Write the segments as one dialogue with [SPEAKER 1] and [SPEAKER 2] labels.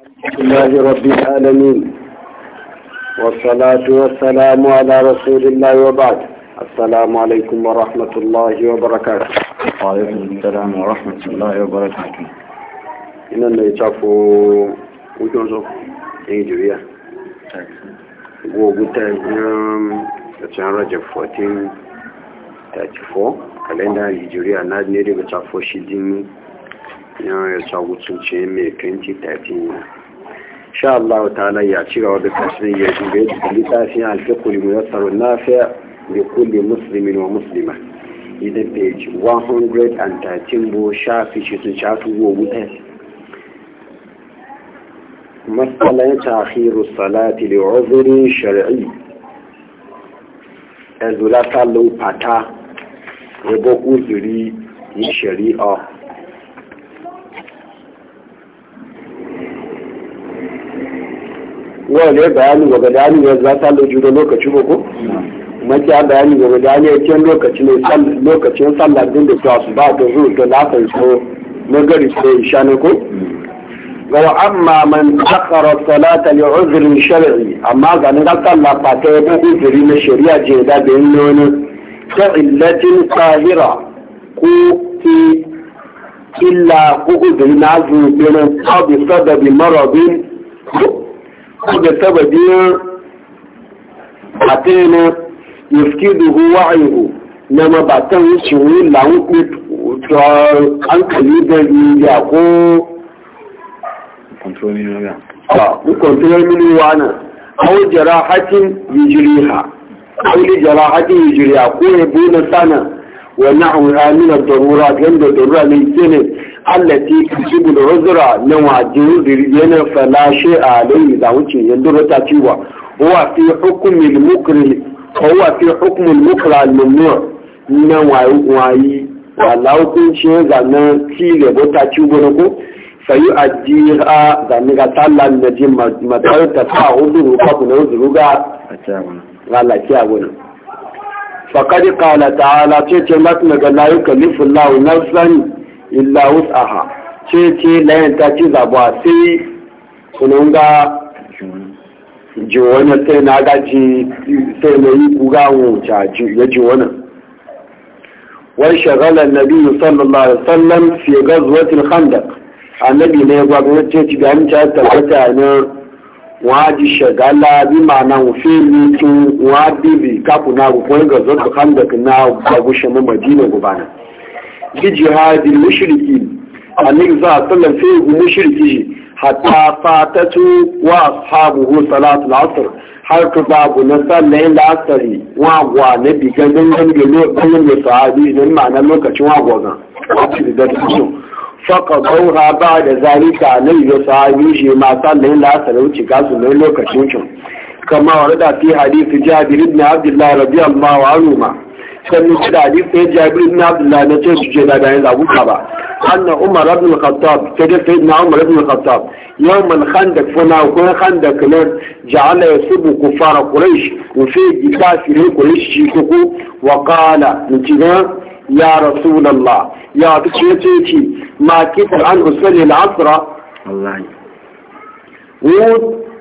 [SPEAKER 1] الحمد لله رب العالمين والصلاة والسلام على رسول الله وبعد السلام عليكم ورحمة الله وبركاته وعليكم السلام ورحمة الله وبركاته إن اللي يتعفو وجوزه يجوا يا وقلت أيام رجب 14 34 kalenda hijiriya na ne daga tafo shi jini yawon ya samu cince mai 2013 sha Allah ta'ala ya ci gaba da tasirin ya shiga yadda littafin alfikul na nafi'a da kuli musulmin wa musulma idan page 113 bo shafi shi sun shafi wa wuta matsalan ta'khiru salati li uzuri shar'i ezulata lo ya e bo uzuri ni shari'a wani ya bayani wa gadani ya za ta loju da lokaci ba ko maki ya bayani wa gadani ya kyan lokaci ne lokacin sallar din da ta su ba da zuwa da lafar so na gari so isha ne ko wa amma man akhara salata li uzrin shar'i amma ga nan sallah ba ta yi uzuri na shari'a je da bayin nono ta illatin qahira ko ki illa ko uzuri na zuwa ne ta bi sababi maradin kuka taba biyan atena yafkiduhu wa'ihu na mabatan wucin wula wuce hankali da ya ko kontrol mini wana au jarahatin yijiriha au li jarahatin yijiriha ko ya bu na sana wa na'u amina darura ganda darura ne ke ne allati tusibul uzra na wajin yana fala shay'a alayhi da wuce ya durata cewa huwa fi hukmi al-mukri huwa fi hukmi al-mukra al-mamnu na wayi wayi wala hukunci ga na tile bota ciwo na ko fayu ajiha da ni ga tallan na jin matar ta ta hudu ka kuna hudu ga ga lafiya gona faqad qala ta'ala ce ce lakin ga la yukallifu Allahu nafsan illa wus'aha ce ce layan ta ci zabuwa sai sunan ga ji wani sai na gaji sai na yi kuga wuce ya ji wani wai shagalar nabi sallallahu alaihi wasallam fi gazuwatin khandaq annabi ne gwagwace ci ga amince tabbata na waji shagala bi ma'ana wufe ni tun wadi bi kafu na gukwai gazuwatin khandaq na gwagwashe mu madina gubana bi jihadi mushriki annabi za a sallan sai ga mushriki hatta fatatu wa ashabuhu salatul asr har ka babu na sallayin la'asari wagwa na bigan gangan da lokacin da sahabi don ma'ana lokacin wagwa ga da su faka gaura ba da zalika na yi sahabi shi ma sallayin la'asari wuce gasu na lokacin cin kama wa rada fi hadisi jabir ibn abdullahi radiyallahu anhu ma sannu da hadisi ya jabir ibn abdullah na ce su ce da bayan zabuka ba anna umar ibn al-khattab kada sai na umar ibn al-khattab yawm al-khandaq fana ko khandaq lan ja'ala yasubu kufara quraish wa fi kafir quraish shi ko wa qala mutiga ya rasulullah ya kace ce ce ma kitar an usalli al-asra wallahi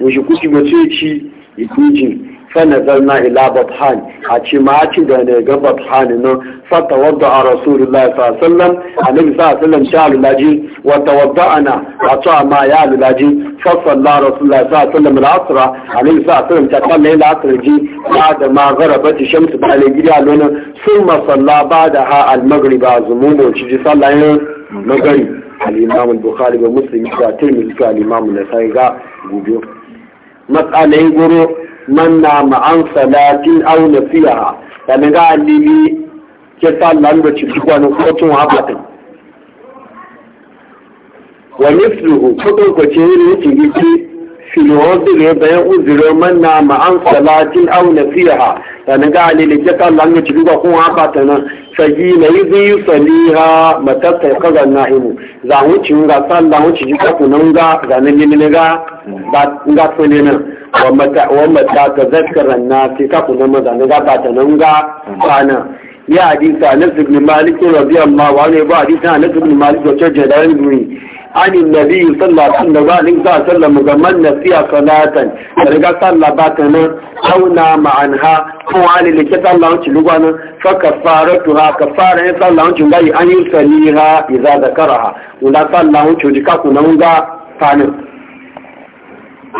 [SPEAKER 1] wuce kuci mace ci ikujin فنزلنا إلى بطحان أتشماتي دانا بطحان فتوضع رسول الله صلى الله عليه وسلم النبي صلى الله عليه وسلم شعر لاجي وتوضعنا أطاع ما يعل لاجي فصلى رسول الله صلى الله عليه وسلم العصر النبي صلى الله عليه وسلم تقلى العصر جي بعد ما غربت الشمس بالجري لنا ثم صلى بعدها المغرب عزموم وشجي صلى المغرب الإمام البخاري ومسلم الترمذي الإمام النسائي قال matsalai guru man na ma'an salati au na fiya da na ga alibi ke sa lando ci duk wani kotun haɓata wa misluhu kudin kwace ne ci gidi في الوضع بين عذر من نام عن صلاة أو نسيها يعني قال لي جك الله أن تجيب أخوه عباتنا فجيل إذن يصليها متى استيقظ النائم زعمو تشنغا صلى وتجيب أخونا زعمو لنغا بعد سنين ومتى ومتى تذكر الناس كأخونا مزعمو بعد نغا فانا يا حديث أنس بن مالك رضي الله عنه وحديث أنس بن مالك وشجر المي Ani da biyu sallatu da ba ni zaa sallar mu salatan da riga sallabatunan ɗauna ma'anha kuma an lili ƙyar sallarwar cin lugwa ka fara tura a ka fara ƴan sallarwar cin bayi an yi musammanin ha ya zata karaha kuma da sallarwar cin ka suna mun ga tannin.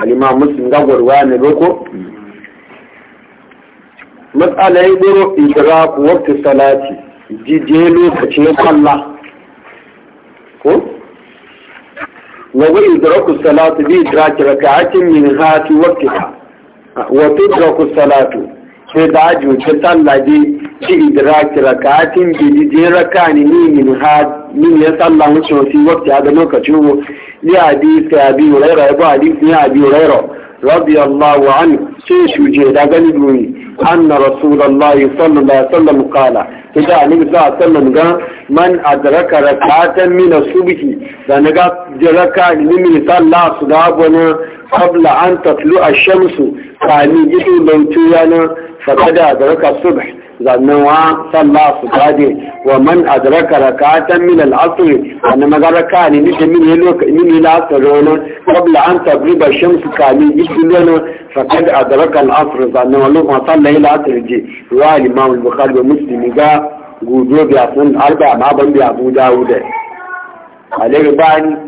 [SPEAKER 1] Halima Musa n gan gwargwanyar doko. Musa na yin ji jere lokacin ƙwallon. ويدرك الصلاة بإدراك ركعة من في وقتها وتدرك الصلاة سيداج وتطلع دي بإدراك ركعة بجدين من منها من يسال الله وشو في وقت هذا لوكتشو لحديث أبي هريرة أبو حديث أبي هريرة رضي الله عنه شو سيشو جهد أغنبوني أن رسول الله صلى الله عليه وسلم قال ida annabi sallallahu alaihi wasallam ga man adraka rak'atan min as-subhi da naga jiraka ni min sallah su da gona قبل أن تطلع الشمس فعني جئي بيتيانا فقد أدرك الصبح ظنوا صلى صبحه ومن أدرك ركعة من العصر أنا ما ركعني نجي من يلوك من العصر قبل أن تغرب الشمس كاني جئي فقد أدرك العصر ظنوا لما صلى إلى العصر جي رواه الإمام البخاري ومسلم قال قدوا بأسن أربع ما بن بأبو داود عليه باني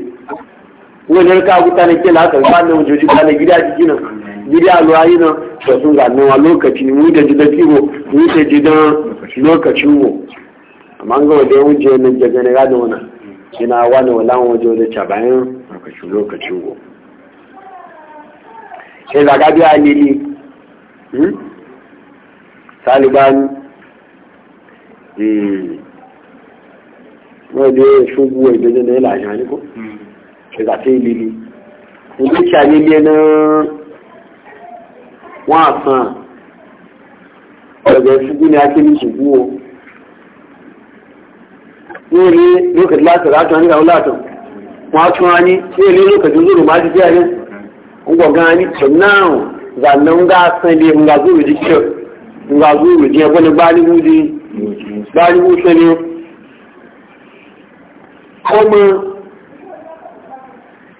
[SPEAKER 1] wajen ka abuta na ke haka ba da wajoji ba na gida jiki nan gida alwayi nan da sun zanen wa lokaci mu da jidan tiro mu da jidan lokacin mu amma ga wajen wuje nan jaga na da wana ina wani wala waje wajen ca bayan lokacin mu sai zaga biya lili hmm? taliban wajen shugu wajen da ya lashe ko hmm. daga ta ilili inda ci alili na wasan daga shugu ne ake ni shuguwo ne ne lokacin latin latin wani kawo latin wato wani ne ne lokacin zuru ma jiki yanin ngwa gani tunan zannan ga sani nga zuru jiki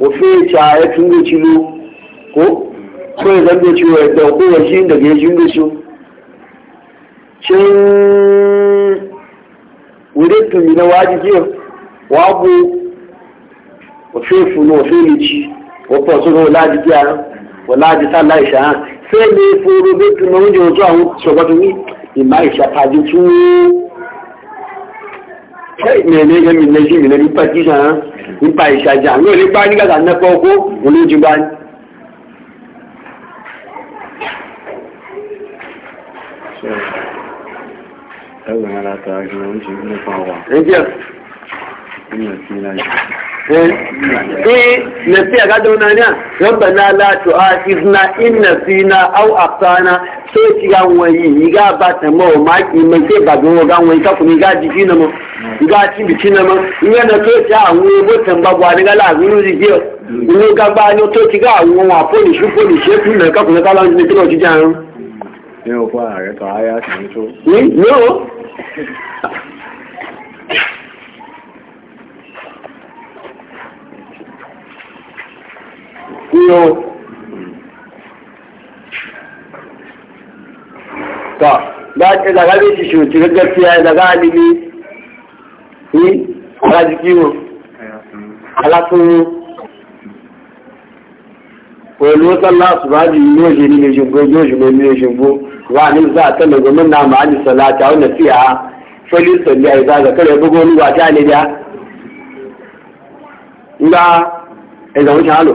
[SPEAKER 1] ofe cha ya e tunga cilo ko ko ya zanga ciwo ya dauko ya shi daga ya shinga ciwo cin wurin tumi na waji jiya wabu ofe funo ofe lici wọ́pọ̀ sọ́dọ̀ láti kí ara wọ̀ láti sálà ìṣàhàn fẹ́ẹ̀ ní fúru bí tùmọ̀ oúnjẹ ojú àwọn ṣọ̀gbọ́n tó ní ìmá ìṣàpàdé tún mẹ̀lẹ́ ẹ̀mí lẹ́sí ìmìlẹ̀ nípa jíjà hàn nípa ìṣàjà ní olè nígbàtà nẹ́pọ̀ ọkó olójú ní. ẹgbẹ̀rún ara oúnjẹ nípa wà. eh nasiya ga dauna ne rabbana la tu'akhizna in nasina aw aqtana sai ga wani ga ba ta ba go ga wani ka kuma ga jiki na mu ga ci biki na mu in yana to ci a ah, wani botan ba gwa ni ga la zuru ji ke ni ga ba ni to ci ga wani wa poli shu she tun na ka kuma ka la ni to ci jan sí o. To, daga bai ci shi gaskiya daga alimi ni ala jiki o, ala tunu. Pẹ̀lú sọ́lá ṣùgbọ́n yóò ṣe nílé ṣùgbó yóò ṣùgbó nílé ṣùgbó wà ní ìzá àtẹ́lẹ̀ gómìnà máa ní sọ̀lá àti àwọn ẹ̀sìn àá fẹ́lẹ́ sọ̀lẹ́ àìsàn àgbẹ̀kẹ́rẹ́ gbogbo olúwa àti àlejò. Ńgbà ẹ̀dọ̀ ń ṣàlò.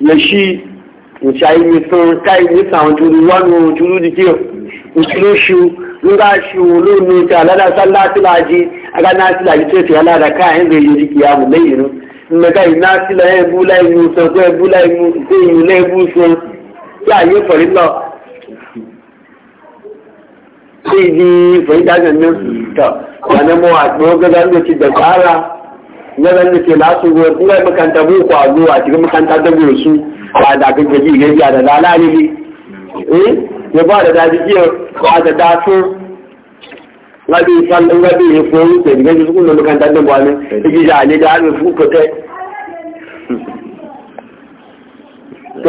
[SPEAKER 1] na shi in sha yi nisan kai nisan turu wani turu da kiyo in turu shi in ga shi wolo ne ta lada sallah tilaji a ga na tilaji ce ta lada kayan zai yi jiki ya mu laifin in ga yi na tila ya bu laifin sa ko ya bu laifin sai na zan da ke lasu ruwan turai makanta boko a zuwa cikin makanta da su ba da gaggaji gajiya da lalani ne eh ya ba da daji iya ba da dasu ngabi san ngabi ne ko yi ke gaji su kuma makanta da bwani igi ja ne da hannu su ko to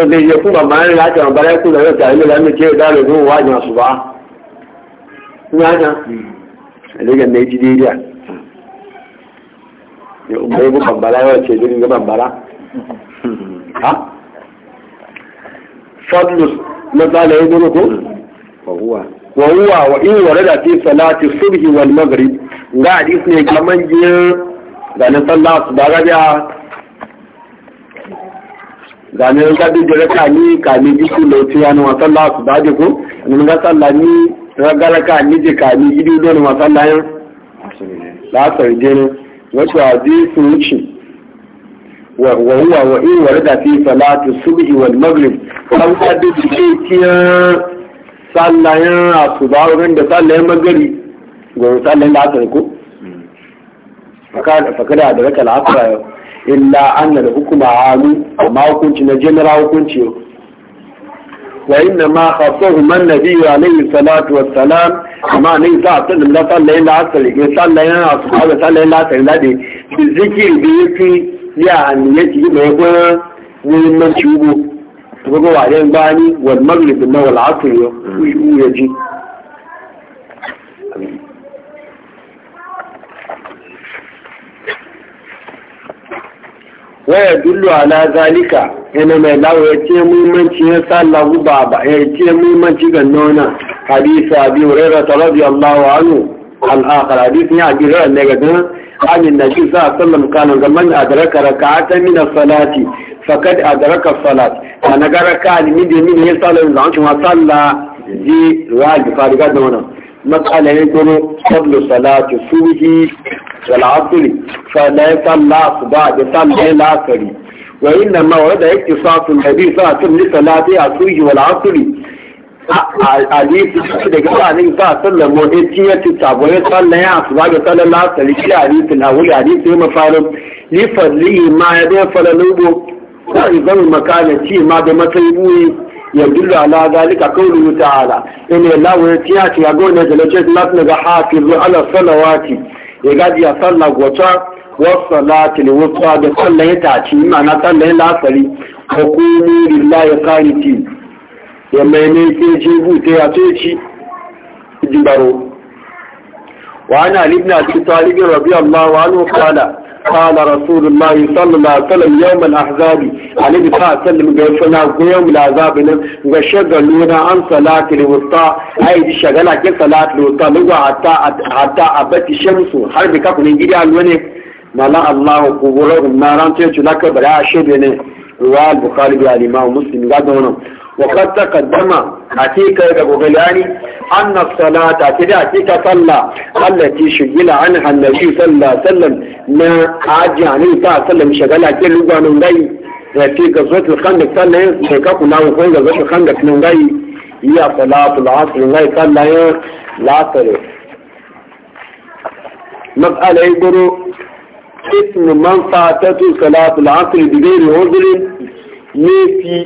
[SPEAKER 1] da ya kuma bayan ya ta bare ku da ta yi da mu ce da ruwa wa su ba ina ta ne ne ji dai ya umar bu bambara ya ce jirgin ga bambara ha fadlus matsala ya zuru ko wahuwa wahuwa wa in warada fi salati subhi wal maghrib ga hadis ne kaman je da na sallah su ba ga ya ga ne ga bi jira ka ni ka ni ji ku lauci ya na sallah su ba ko ni ga sallah ni ragara ka ni je ka ni gidu don ma sallah ya la sarjene wato hadisi wuce wa huwa wa in warda fi salatu subhi wal maghrib kan ta bi cikin sallayan asuba wurin da sallayan magari go sallayan asar ko fakada da raka al-asra illa anna al hukuma amu amma hukunci na general hukunci وإنما خصهم النبي عليه الصلاة والسلام ما نيسا سأصل لا صلى الله عليه وسلم صلى الله عليه وسلم صلى إلا عصر الذي بالذكر بيكي يعني يجي ما يكون ومن شوبه تقول عليه الباني والمغرب والعصر يجي waya dullu ala zalika ina mai lawo ya ce muhimmanci ya sa lagu ba ba ya ce muhimmanci ga nona Hadisu abi hurairah rabi allahu anu akhir hadisu ya abi hurairah ne ga dan anin nabi sallallahu alaihi wasallam kana ga man adraka rak'atan min as-salati faqad adraka as-salat ana ga raka ni min ne ya sallan zan ci wa salla ji ruwa ga fariga da wannan matsala ne ko qablu salati subhi والعصر فليس العصباء بسمع العصر وإنما ورد اقتصاص النبي صلى الله عليه وسلم لصلاة العصر والعصر hadisi da gaba annabi sa sallan mu dai tiya ti tabo ya sallan ya asuba ga sallan la salli ki hadisi na wuri hadisi ma faru li fadli ma ya da falalu bo ta izan makana ci ma da matsayi buyi ya dillu ala zalika qawlu ta'ala in la wa tiya ti ga gona da lace lat na ga hafizu ala salawati ya gaji ya sallah gwata wasu latin wuta da sallah ya taci ma'ana sallah ya lafari hukumi lillahi qaniti ya mai ne ke jibu ta ya ce ci jibaro wa ana ibn abi talib radiyallahu anhu qala قال رسول الله صلى الله عليه وسلم يوم الأحزاب عليه الصلاة والسلام قال فنا يوم الأحزاب وشغلونا عن صلاة الوسطى أي شغلة صلاة الوسطى لو حتى حتى أبت الشمس حرب كفن يجري على الوني ملا الله قبورهم نارا تيجي لك برا شبينه رواه البخاري والإمام مسلم قال وقد تقدم أتيك غلاني أن الصلاة كده أتيك صلى التي شغل عنها النبي صلى الله عليه وسلم ما أجي عليه صلى الله عليه وسلم شغلها كل لغة من غي في قصوة الخندق صلى الله شيكاكو لا وكون قصوة الخندق من غي هي صلاة العصر من غي صلى صلى مسألة يقولوا اسم من فاتته صلاة العصر بغير عذر يفي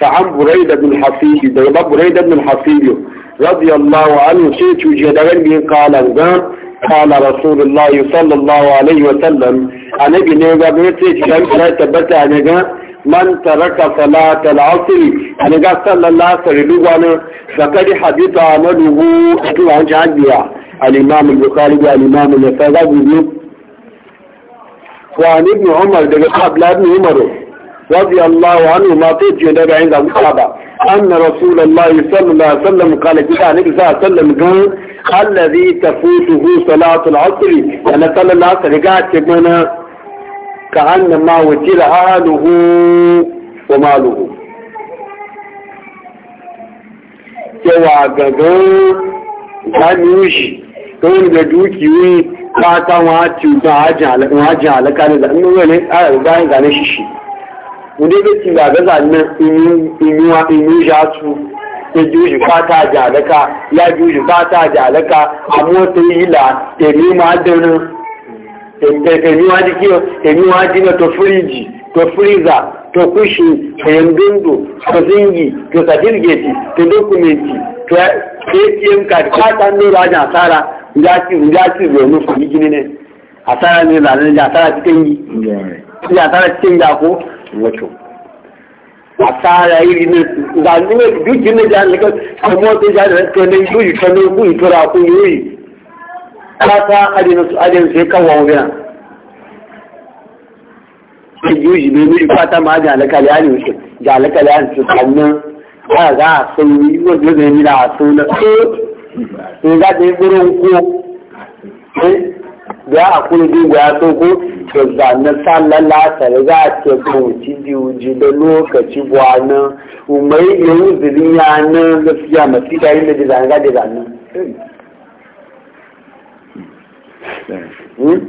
[SPEAKER 1] فعن بريدة بن حفيدي دولة بريدة بن حفيدي رضي الله عنه سيت جدرني قال انزام قال رسول الله صلى الله عليه وسلم أنا بنيغا بيتي شمس لا تبت أنا من ترك صلاة العصر أنا قال صلى الله عليه وسلم فقد حديث عمله أتوا عن جعبيا الإمام البخاري والإمام النفاذ وعن ابن عمر دقاء بلاد ابن عمر رضي الله عنه ما تجي نبي عند الصحابة أن رسول الله صلى الله عليه وسلم قال كان صلى الله عليه وسلم قال الذي تفوته صلاة العصر أنا يعني صلى الله عليه وسلم قاعد تبنى كأنما وجل أهله وماله cewa gagan kamiyoshi don da dukiyoyi ta ta wajin alaka ne da annuwa ne a bayan gane shi shi wùdíbẹ̀ ti gàgẹ́gà náà inú ya su ya juji fata jalaka ya juji fata jalaka a mota yi la temi ma daunin temi wa jiki temi wa jina to firiji to freezer to kushi to yandundo to zingi to certificate to dokumenti to atm card fata ne ra jan asara ya ci ya ci bai nufi gini ne asara ne zanen asara cikin yi asara cikin yako wato asara iri ne ga ne duk ne da ne kuma to ja da ke ne yi ta ne ku yi tura ku yi ta ta adin su adin sai kan wa wani ne yi ne ne fata ma da alaka ya ne shi da alaka ya ne sannan ba za a san yi wa da ne da sunan ko ne ga da gurin ku eh biya a kuma bin ya so ko ke zanen sallan lasar za a ce ko wuci biyu ji da lokaci gwana umar yi zirin ya nan gaskiya masu da yi da ji zanen zanen. Hmm? Hmm?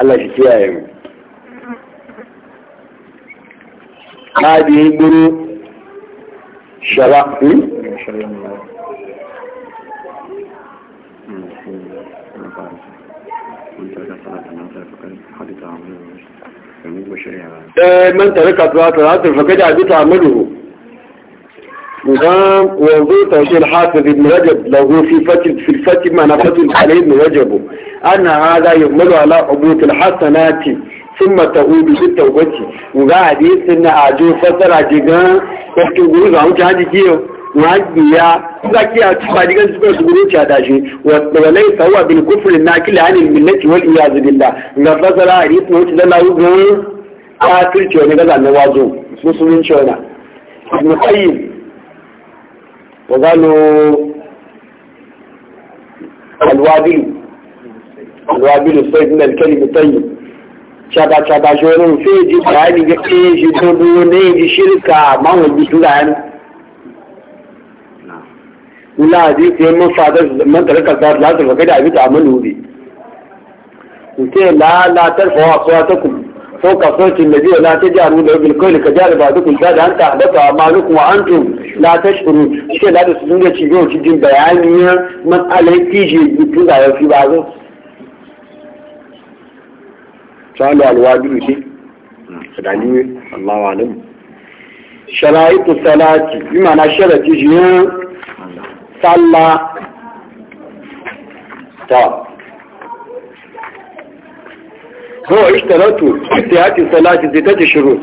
[SPEAKER 1] Allah shi kiyaye mu. Hadi guru shara. Hmm? من ترك صلاة فقد عبد عمله نظام وانظر توجيه الحافظ ابن رجب له في فتح في الفتح ما نفتح عليه ابن رجب أن هذا يهمل على عبوط الحسنات ثم تعود بالتوبة وقاعد يسن أجو فترة جدا يحكي قلوب عمو جهاز جيو magiya za ki a tuba diga zuwa su gudu ta dashi wa lai sawa bil kufr na kila anil millati wal iyaz billah na fasara hadith ne da lawo go kafir ce ne ga zanne wazo musulunci wana ibn qayyim wa galo alwabil alwabil sayyidina al-kalim at-tayyib chaba chaba jono feji bayani ga ke shi to ne ji shirka mawon bitu ga ولا حديث من فادر من ترك الباب لا تفقد عبيد عمله به وكي لا لا ترفعوا أصواتكم فوق صوت الذي لا تجعلوا له بالقول كجار بعضكم بعد أن تحبطوا أعمالكم وأنتم لا تشكروا شيء لا تسلمون تشجعوا تجين بيانية من عليه تيجي بتوضع في بعضه قالوا الواجب شيء الله أعلم شرائط الصلاة بمعنى شرط جيان صلى طب هو اشترطوا اتهات الصلاة ذات شروط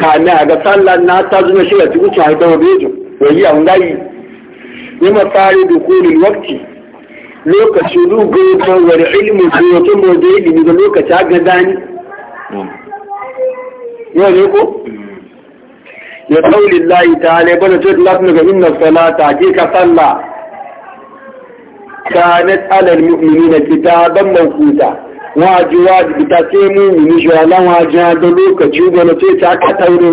[SPEAKER 1] كان هذا صلى الناس تظن شيئا تقول شهد بيجو وهي هنالي لما صار دخول الوقت لوك شروع قوة والعلم قوة موديل من لوك شاقنا داني يقول لكم لقول الله تعالى بل تطلقنك إن الصلاة كيك صلى كانت على المؤمنين كتابا موقوتا wajuwa da sai mu ni jalan wajen da lokaci ga na ce ta ka tauro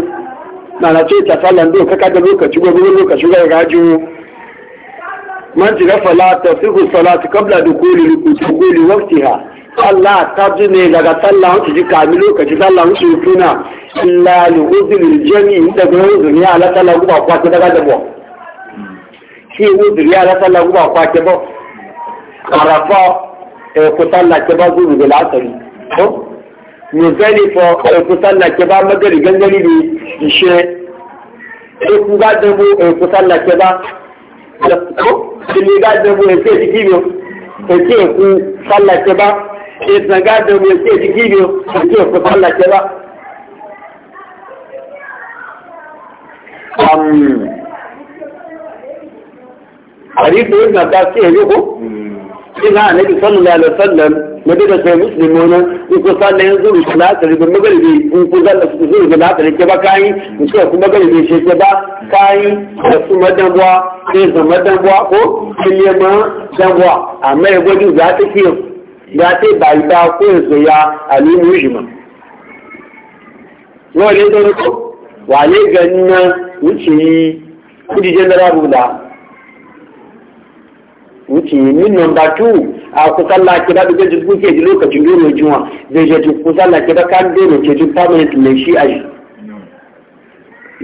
[SPEAKER 1] na na ce ta falan do ka da lokaci ga lokaci ga gaju man ji fala ta sihu salatu qabla dukuli dukuli waqtiha Allah ta ji ne daga sallah wuce ji kami lokaci sallah wuce tuna illa li uzuri jami daga uzuri ya la sallah guba kwake daga dabo shi uzuri ya la sallah guba kwake ba arafa e ku sallah magari gangari ne ishe e ku ga dabo e ku sallah ke kake ku sallace ba ke tsanga da mai ke jiki biyu kake ku sallace ba to ibn Abbas ke yi ko? Hmm. Ina annabi sallallahu alaihi wasallam nabi da sai musulmi na in ko sa nan zuru salatari ba magaribi in ko zalla zuru salatari ke ba kai in ko kuma magaribi shi ke ba kai da su madanwa sai da madanwa ko kilema danwa amma ya gwaji za ta ki ko yanzu ya alimu jima wale ko wale ganna wuce kudi jenara bula wuce min number two a kusan lakida da zai jirgin ke ji lokacin dole juma zai je ji kusan lakida kan dole ke ji permanent mai shi a shi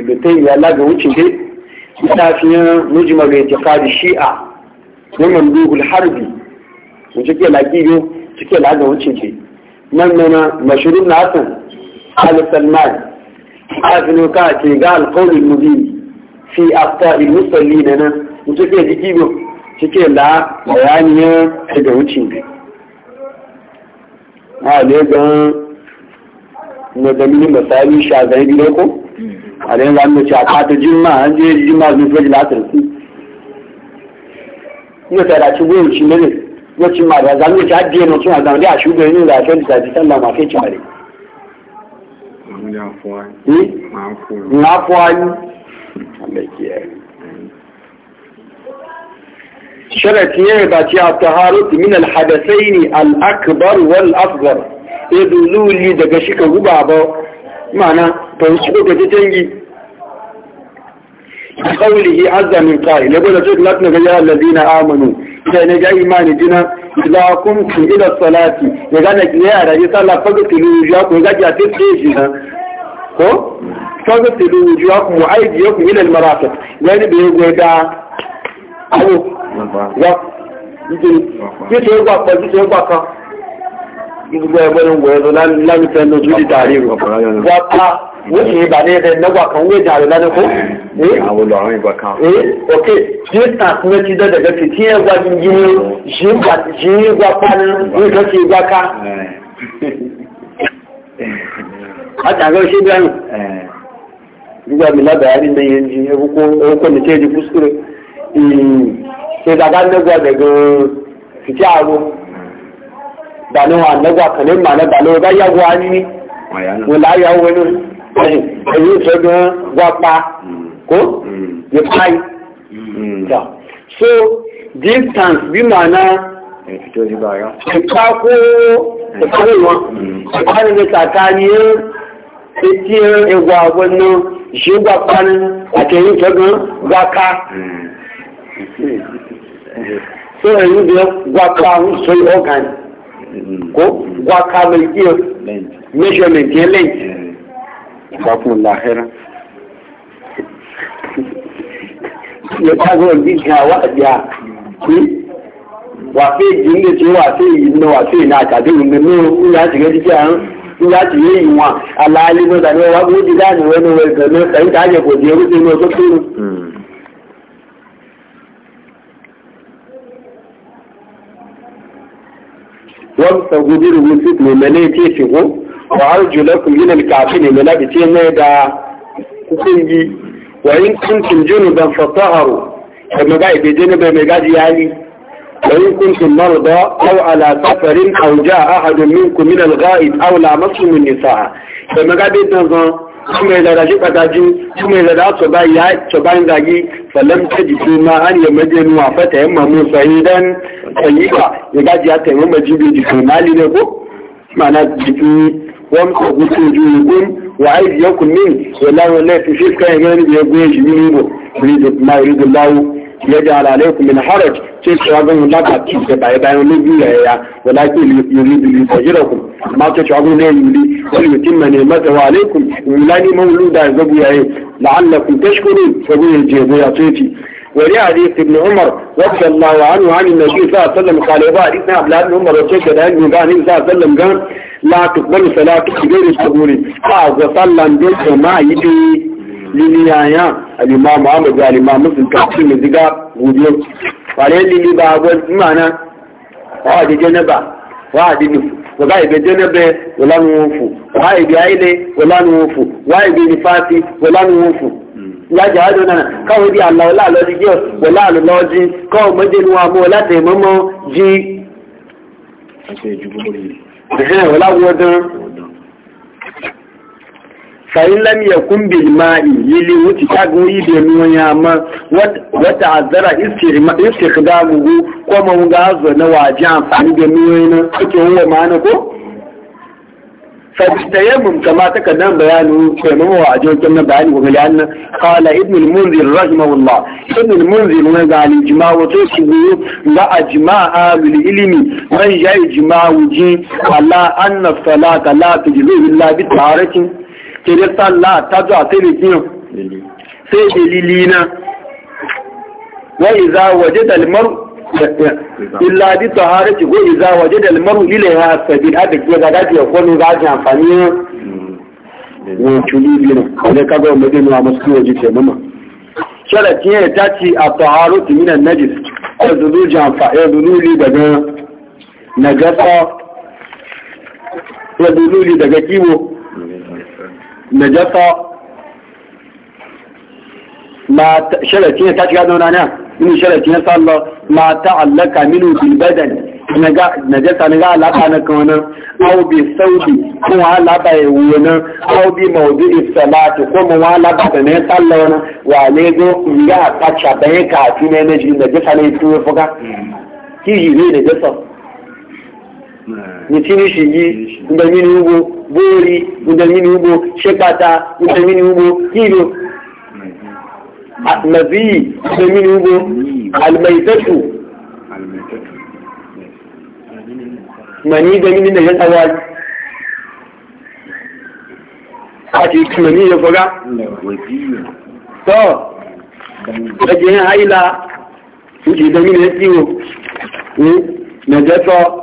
[SPEAKER 1] ibitai ya laga wuce dai littafin mujima mai jikadi shi'a na mamduhul harbi wuce ke laki biyu cike laga wuce dai nan nana mashirin na hasan alisalman afinu ka ce ga alkaunin mubi fi afta ilmusalli na nan wuce ke jiki biyu cike da bayaniyar daga wuce bi a ne gan na dalilin misali ko a ne za ce a fata jimma an je jimma zuwa fajila a tarsu ina tara ci goyon ci ne wacce ma ba za mu ci na suna zama a shugaban yin zafi da zafi sallah ma kai ci bare na fuwa ni? na fuwa شرط يبقى الطهارة من الحدثين الأكبر والأصغر يدلو لي دقشيك غبابا معنى تنسبك تتنجي قوله عز من قائل يقول لك لكنا يا الذين آمنوا إذا نجا إيمان جنا إذا قمتم إلى الصلاة إذا نجي يا رجل صلى فقتلوا وجاكم إذا جاء فقط فقتلوا معايد وعيديكم إلى المرافق يعني بيقول ده أو wá nítorí nítorí gbà pọ̀ nítorí gbà kan gbogbo ẹgbẹ́ ń wọ̀ ẹ́ lánìfẹ́ lójú dídá rí rò wá pa wọ́n sì bà ní ẹ̀rẹ̀ lọ́gbà kan wé jàre lánàkó. àwọn olùrànwọ́ distance méjì dọ́dẹ̀gẹ́ ti tí ẹ wá yí ní yí wá pánú ní ìtọ́ sí ìgbà ká. àtàgẹ́ ṣé bí nígbà mi lábàá rí lẹ́yìn ní tẹ́ẹ̀dì sai ga gan nagwa daga aro da wa nagwa kanin ma na balo ga ya gwa ni mo la ya wo ni ayi so do gwa pa ko ye pai ta so distance bi mana ìtòrí bá yá. ìta kó ìparí wọn ìparí ní tàkà ní etí ewa ọgbọ́nà ìṣègbà parí àti èyí tọ́gbọ́n gbáka. so mm-hmm. yanzu da gwaka sai organ ko gwaka mai measurement ya length ya ki wafe jin da ce wafe yi na wafe na kaji inda ne ya shiga jiki a ya ci yi yi wa alali mazane mm. wa gudu da ne wamsahu bi rubusikum mene yake shi ko wa arjulakum min al-ka'bayn mene da ce mai da kusungi wa in kuntum junuban fatahharu kuma ga ibe junuba mai gaji yani wa in kuntum marda aw ala safarin aw jaa ahadun minkum min al-ghaib aw lamastum an-nisaa kuma ga bi dan kuma da rashi kataji kuma da da tsoba ya tsoba zagi falam ta jiki ma an ya maje nuwa fata yan mamu sahidan tsayiba ya gaji ya taimu majibi jiki mali ne ko mana jiki wani kogu to juyi gun wa aiki ya kunni ya يجعل عليكم من حرج تشعرون لا تكيف باي باي نبي يا ولكن يريد ليفجركم ما تشوا غن يريد ويتم نعمته عليكم ولاني مولودا زبو يا لعلكم تشكرون فبي جيبو يا تيتي ولي حديث ابن عمر رضي الله عنه عن النبي صلى الله عليه وسلم قال يا يبا حديثنا عبد الله عمر رضي الله عنه صلى الله عليه وسلم قال لا تقبل صلاة غير القبول فأعز صلى الله عليه وسلم يجي lili yaya alima muhammadu alima musulun kafin mai ziga gudu wale lili ba abuwa mana wa da janaba wa da nufu wala ibe janaba wala nufu wa ibe aile wala nufu wa ibe nifasi wala nufu ya jẹ́ àádọ́ náà káwọn ibi àlà ọlá lọ́dí jẹ́ wọ̀lá àlùlọ́ jí káwọn mọ́jẹ́ ní wa mọ́ láti mọ́mọ́ jí فإن لم يكن بالماء يلي وتكاغو يدنو ما وتعذر استخدامه كما مغازو نواجع فاني دنوينا كي هو معنا كو فاستيمم كما تكلم بيانه كما هو عجل كما بيانه وغلان قال ابن المنذر رحمه الله ابن المنذر وقع الإجماع وتسبه لا أجماع أهل العلم من جاء إجماع وجي على أن الصلاة لا تجلوه إلا بالطهارة kere salla tajo atiri kiyo sai dalili na wa iza wajada almaru illa bi taharati wa iza wajada almaru ilaiha sabil hada ke ga gaji ko no gaji amfani wo mama sharati ya tace a taharati minan jamfa ya dululi daga najasa ya dululi daga kiwo najasa ma sharati ta shiga da wani inu sharati ya sallah ma ta'allaka minu bil badan najasa ni ga alaka na kan wani aw bi saudi ko wa alaba ya wani aw bi mawdu'i salati ko mu wa alaba da ne sallah wani wa ne go ga ta cha bai ka tune ne ji najasa ne tuwe fuka ki yi ne najasa mitimishi hii udamini huko bori udamini huko shekata udamini huko hilo mazii udamini huko almaitatu
[SPEAKER 2] mani udamini
[SPEAKER 1] na yata wali ati tumani ya foga so kaje haila udamini ya tiwo na jato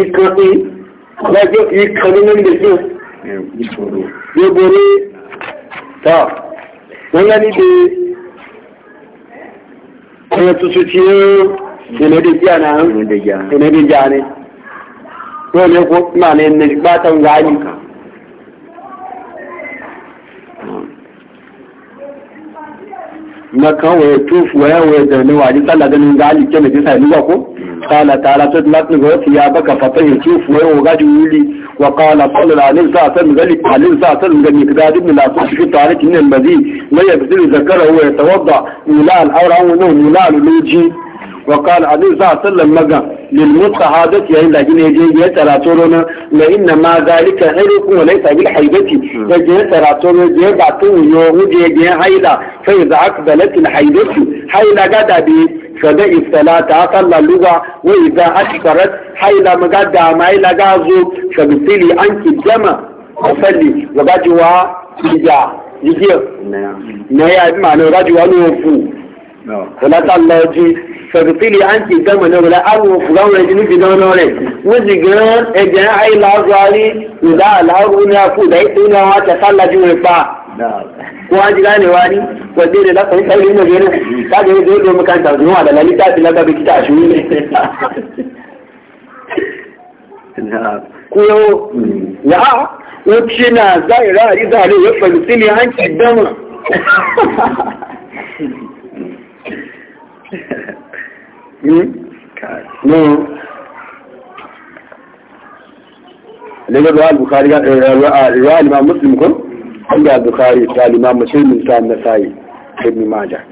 [SPEAKER 1] ikan ní lọ́jọ́ ikan ní lórílẹ̀ tí ó yóò borí tà wọ́n yá níbi ọ̀rọ̀ tuntun tí ó ìnẹ́dẹ̀já náà ìnẹ́dẹ̀já ni wọ́n ní ọkọ̀ máa ní ẹnẹ́dẹ̀gbátọ̀ ń gáyìí na kawai tufu ya waya da ni wani tsalla ganin ga alike na jisa ni ko kala tara ta latin ga wasu ya baka fasahin tufu ya waga ji wuli wa kala sallar alin sa san gali alin sa san gali ka dadi mu lafi shi tare kin nan bazi mai ya bisu zakara wa ya tawadda ila al-awra wa nula al-luji وقال عليه الصلاة والسلام مقا للمتهادة يعني لكن يجي يتراتورنا لإن ما ذلك غيرك وليس بالحيبة يجي يتراتور يجي بعتون يوم يجي حيلة فإذا أقبلت الحيبة حيلة قد بي فدا الصلاة أصلى اللغة وإذا أشكرت حيلة مقدة ما إلى قازو فبالتالي أنت الجمع وصلي وقد جوا نجا نجيب نعم نعم نعم نعم نعم نعم wala ta lọ jí fẹ̀rẹ̀fìlì àǹtí gẹ́mọ̀ náà wọlé àwọn òkúráwọn ẹ̀jẹ̀ níbi dáná rẹ̀ wọ́n sì gan ẹ̀jẹ̀ àìlà ọ̀gárí ìdá àláwọ̀ ní akú ìdá ìtò ní àwọn àtẹ̀ká lajú rẹ̀ pa. wọ́n á jí láàrin wá ní pẹ̀lú èrè lásán ní sáyẹn nínú ìrìn káàdì orí ìdókòwò mẹkáńtà ọ̀dùn wọn àdàlà ní káàdì lágbàbí No. Daga zuwa Bukhari ga ruwa Imam Muslim ko? An ga Bukhari ta Imam Muslim ta Nasa'i Ibn Majah.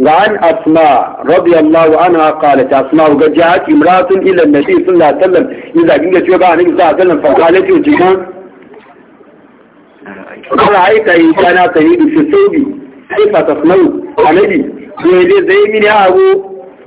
[SPEAKER 1] وعن أسماء رضي الله عنها قالت أسماء وقد جاءت امرأة إلى النبي صلى الله عليه وسلم إذا قلت يبقى عن صلى الله عليه وسلم فقالت وجهان رأيت إن كان تريد في الثوب كيف تصنع عليه ويدي زي من أبو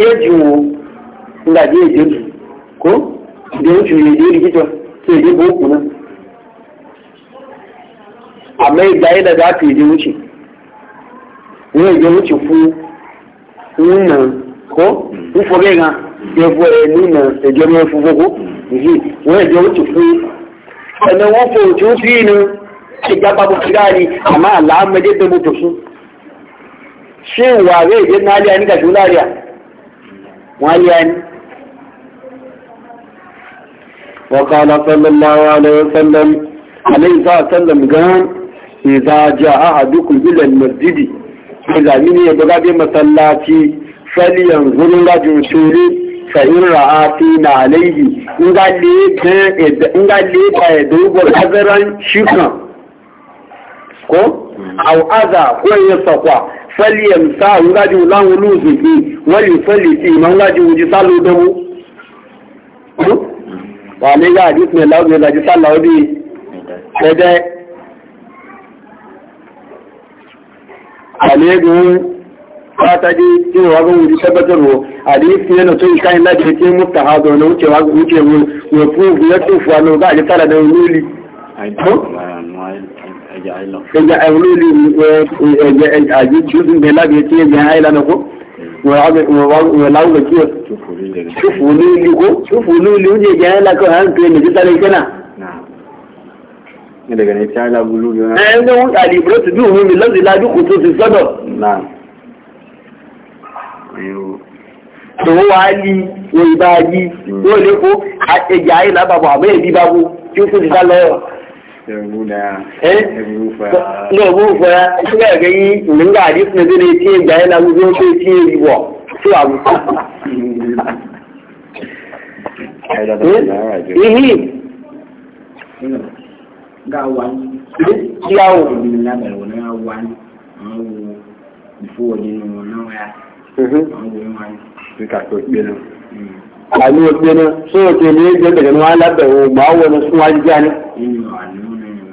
[SPEAKER 1] eji wo nga je eje ju ko de o ju ye de rikito se de bo kuna amma ga yana da ka je wuce ne je wuce fu nuna ko ufo be ga je fo e nuna e je me fu foko ji ne je wuce fu ana wo fo ju fi ni ki ga babu kirani amma Allah amma je da mutu su shin wa zai je naliya ni ga shulariya wọ́n وقال صلى الله عليه وسلم عليه الصلاة والسلام قال إذا جاء أحدكم إلى المسجد إذا من يبقى مسلاتي فلينظر رجل fa'in فإن na عليه إن قال leta ya يدوب azaran shikan ko au'aza ko ya sakwa fali ẹ̀mùsá àwúgájú láwọn olóòzùgbé wọ́n lè fẹ́lì tí ìmọ̀lájú ojú sálò dánwó wà nígbà àdípẹ̀ láwọn ìlàjú sálà ó bí ẹ̀dẹ́ àlẹ́gùn pátájí tí wọ́n wọ́n ojú sẹ́gbẹ́tọ̀rọ̀ àdífẹ́ ẹ̀nà tó ìkáyí láti tí mú tàhádọ̀ ọ̀nà ó tẹ̀wọ́ fún ìgbìyànjú fún àwọn ọgá àjẹ́sára náà lórí ẹja ẹwúlórí ẹjẹ àjí tí ó ti bẹ lábẹ tí ẹjẹ àìlà náà kó wọn láwùjọ kí ọ ṣùfù olóòlì kó ṣùfù olóòlì ó ní ẹjẹ àìlà kó hàn kiri nìjú sáré kẹ́nà. ẹ̀ẹ́dẹ̀gẹ̀ ni tí a lábú lórí ọ̀nà. ẹ̀ẹ́dẹ̀wọ̀n àdìbò ti dùn mí lọ́sì lájú kò tó ti sọ́dọ̀. tòun wàá yí wọ́n ibà yí wọ́n lé kó ẹjẹ àìlà bàbọ̀ àbẹ́ẹ̀bí bàbọ̀ tí ó kó ti sá lọ́wọ́ ne bu fa suka ga yi mun ga hadis ne zai ce ga yana mu zo ce ce riwa su abu ihi ga wani yawo Àlú òpinnu, sóòtò ní ẹgbẹ́ ìgbẹ̀rún alábẹ̀wò gbà wọ́n ní hmm. súnwájú jáde.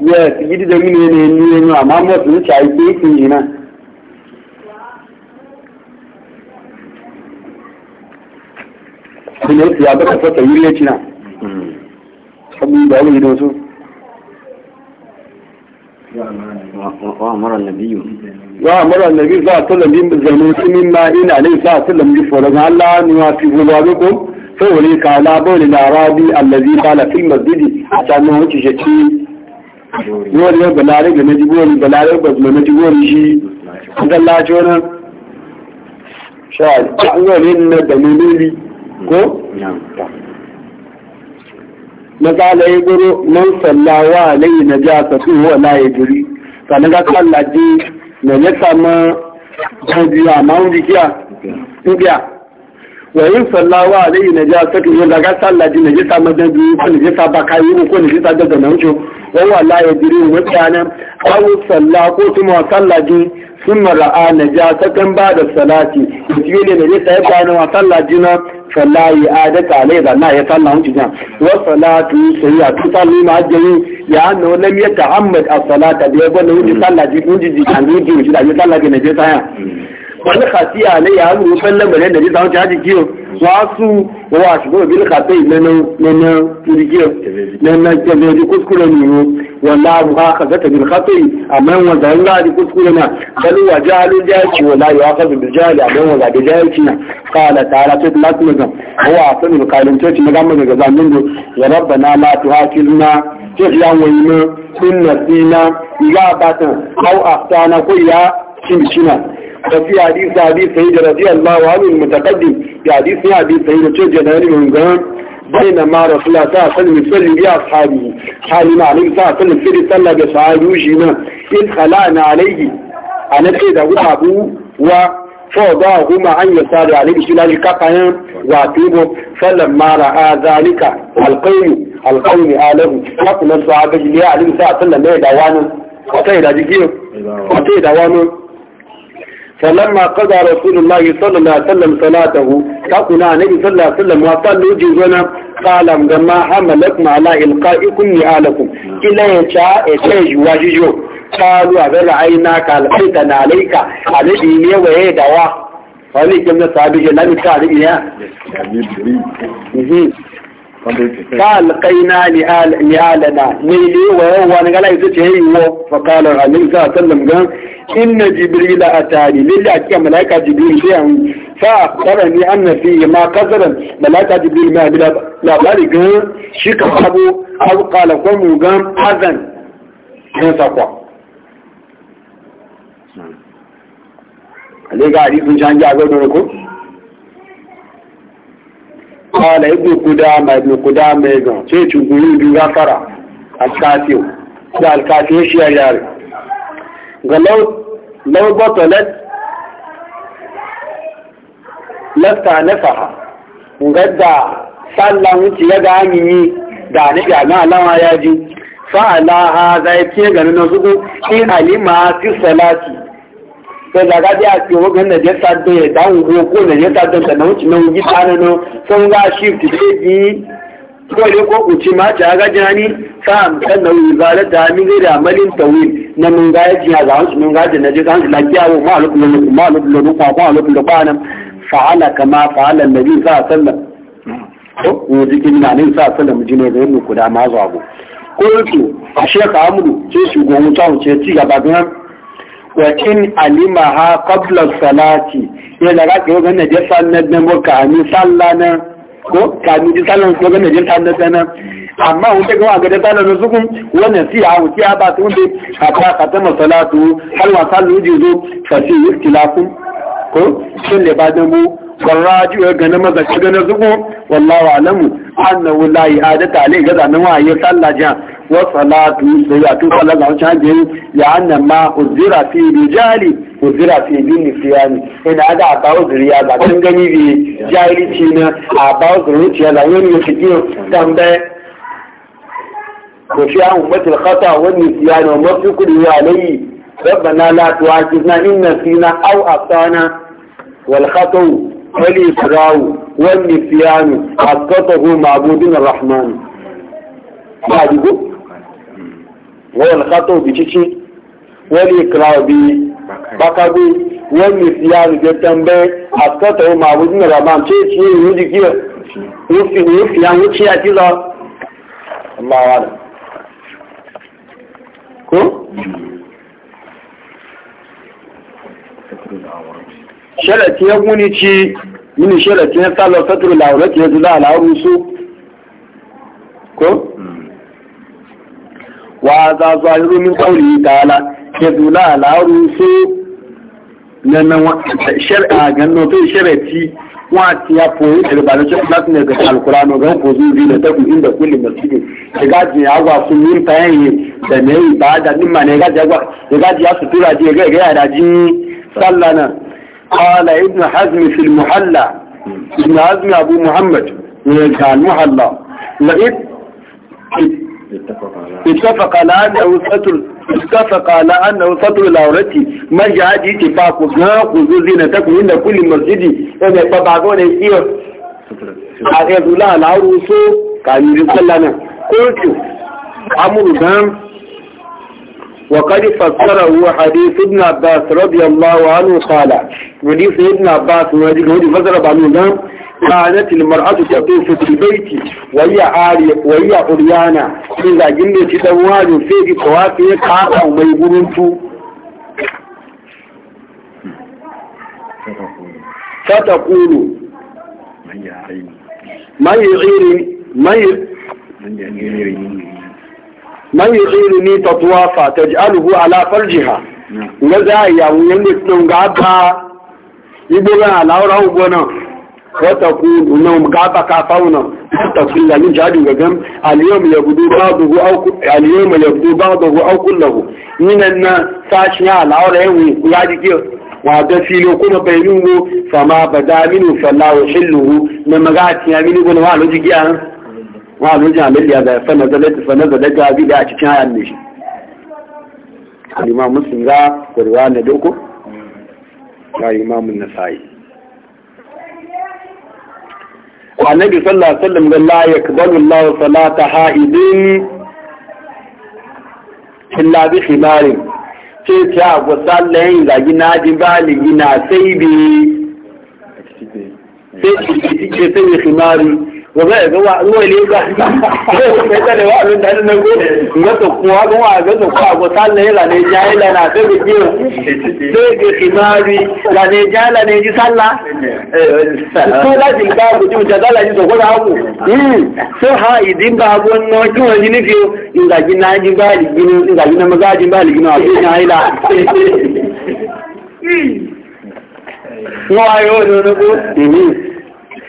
[SPEAKER 1] yes gidi da mini ne ni ne amma mu su ci ai sai kin ina kuma ya ba ka fata yiri ne cina kuma da wani gidan su وأمر النبي وأمر النبي صلى الله عليه وسلم بالزنوت مما إن عليه صلى الله عليه وسلم بفرج الله نوافي ظلامكم فوليك على بول الأعرابي الذي قال في المسجد حتى أنه تجتي wani yau balare ga najibori balare ga na najibori shi ga lajo nan shawar wani na dalilili ko? matsala ya goro man sallawa lai na ja sa su wa la ya jiri sannan ga kallaje na ya sama jajiya ma wuri kiya ibiya wayin sallawa alaihi na ja sa su wa la ga kallaje na ya sama jajiya ko na ya sa ba kayi ko na ya sa daga nan wawa la ya diri mutanen awu salla ko tuma salla ji sun mara'a na ja ta kan ba da salati da ciye ne da ne sai ba na wa salla ji na wani khasiya ne ya mu rufan lamarin da zai jaji kiyo wasu wa shi go bil khatai na na na turkiyo na na kebe di kuskure ne yo wallahi ha khazata bil khatai amma wa zalla di kuskure na bal wa jahalun jahi wala yaqad bil jahali amma wa da jahi na qala ta'ala to lakum ga wa sanu kalin to ci magana ga zamin do ya rabbana la tuhakilna ce ya wayna sunna sina ila batan au aftana ko ya cin cina ففي حديث حديث سيد رضي الله عنه المتقدم في حديث حديث سيد تجدان من قام بينما رسول الله صلى الله عليه وسلم يصلي بأصحابه حال ما عليه صلى الله عليه وسلم صلى بصحابه جينا إذ خلعنا عليه على سيد أبو وفوضاهما أن يصلي عليه شلال كقيام وعطيبه فلما رأى ذلك القوم القوم آله وقنا الصحابة جليا عليه صلى الله عليه وسلم يدعوانه وتيدا جيكيه وتيدا وانه فلما قضى رسول الله صلى الله عليه وسلم صلاته تقنا النبي صلى الله عليه وسلم وقال له جزنا قال ما حملكم على إلقائكم نعالكم إلا يشاء إتاج واججو قالوا أبر عيناك ألقيتنا عليك على ديني وهي دواء wani ikin na sabi ke lami فألقينا نعالنا نيلي وهو نقال يسوتي هيو فقال النبي صلى الله عليه وسلم قال إن جبريل أتاني لله أتيا ملائكة جبريل فيهم فأخبرني أن فيه ما قدرا ملائكة جبريل ما بلا لا بلا قال شيك أبو أو قال قوم قام أذن كان سقوا نعم. عليك عريف جان جاء قدركم kọ́lá ibn kudama ibn kudama gan tí ó ti gúrí ibi gáfara alkafiyo da alkafiyo shi a yare ga laubata lafta nafaha gadda sallan wuce ya ga hanyoyi da nufi a alama ya ji fa'ala ha zai ke ganin sai da gaji a ce wagan na jesa da ya dawo ko ko na jesa da da na wuce na wuce ta nan sun ga shift da ji ko ne ko uci ma ta ga jani sam kan na wuce ba da mi zai da amalin tawil na mun ga ji ya ga mun ga da na ji kan lafiya wa ma alku lu ma alku lu ko ko alku lu ba nan fa'ala kama fa'ala annabi sallallahu alaihi wasallam ko jikin na ne sallallahu alaihi wasallam jine da yin ku da ma zuwa ko ko a shekara amuru ce shugaban wuta wuce ci gaba ganan wa in alimaha qabla salati ya ga na je sannan da ka ni sallana ko ka ni ji sallan ko ga na je da amma ga ga da sallan su kun wannan si wuce ba tun salatu hal wa sallu والله اعلم انه لا عليه غدا جان وصلاته سيئة صلى الله عليه وسلم لأن ما أذر في رجال أذر في دين الفيان إن هذا أباو ذريا لكن جميع جاهلي تينا أباو ذريا لأنه يشكيه تنبع وفي أمة الخطأ والنسيان وما في كل عليه ربنا لا تؤاخذنا إن نسينا أو أخطأنا والخطأ والإسراء والنسيان أسقطه معبودنا الرحمن wal khato bi cici wal ikra bi bakabi wal misyan bi tambe askata ma wudin ramam ce ce yi jiki yufi yufi yan wuce a tiza Allah wa da ko sharati ya guni ci mini sharati ya sallar satur la'ulati ya zula al'arusu ko وهذا ظاهر من قوله تعالى كذلا لا روسو لأن شرعا جنوطي شرعتي واتيا فوي تربانا شرعا لكن يقول القرآن وغير فوزين في لتكو عند كل مسجد يقول يا أغوى سنين تايني دمي بعد مما نيقاتي أغوى يقول يا سطورة دي يقول يا راجي صلنا قال ابن حزم في المحلة ابن حزم أبو محمد من المحلة لقيت اتفق على أنه ستر اتفق على أنه ستر العورة ما جاءت اتفاق خذوا زينتكم عند كل مسجد أنا طبعون إيه أخذوا لها العروس كان يرسل لنا قلت أمر دام وقد فسره حديث ابن عباس رضي الله عنه قال حديث ابن عباس وهذه فسر بعضهم كانت المرأة تطوف في البيت وهي عارية وهي عريانة إذا جنة تواجه في قوافي قاطع وميبرنتو فتقول من يعيرني من يعيرني man yusiru ni tatwafa taj'aluhu ala farjiha nga za ya wuyan ne tun ga ba ibo ga alawra ugo na wa taqulu na ga ba ka fauna taqilla min jadi ga gam al yawm yabdu ba'dahu aw al yawm yabdu ba'dahu aw kulluhu minan na sashiya alawra yawi ya ji wa da filo kuma bai nungo fama badaminu fallawa shilluhu na magati ya mini gona wa lojiki wa alujin aliliya ga fanazalai ga bi da a cikin hayan ne shi alima muslim ga na doko ya imamun nasa'i annabi sallallahu alaihi wasallam ga la yaqbalu Allahu salata ha'idin illa bi khimarin ce ta go sallayin zagi na ji bali gina sai bi sai ki ce sai khimari gobe ga wa ngo ile ga ke ta le wa lun dan nan go ngo to kuwa wa go to kuwa go tan le la ne jai la na te bi jiu te ge imari la ne jai la ne ji salla ko la jin ka go ju ja la ji so ko ha idin ba go no ju wa ni fi inda ji na ji ba li ginu inda ji na ma ga ji ba li ginu a bi na ila ngo ayo no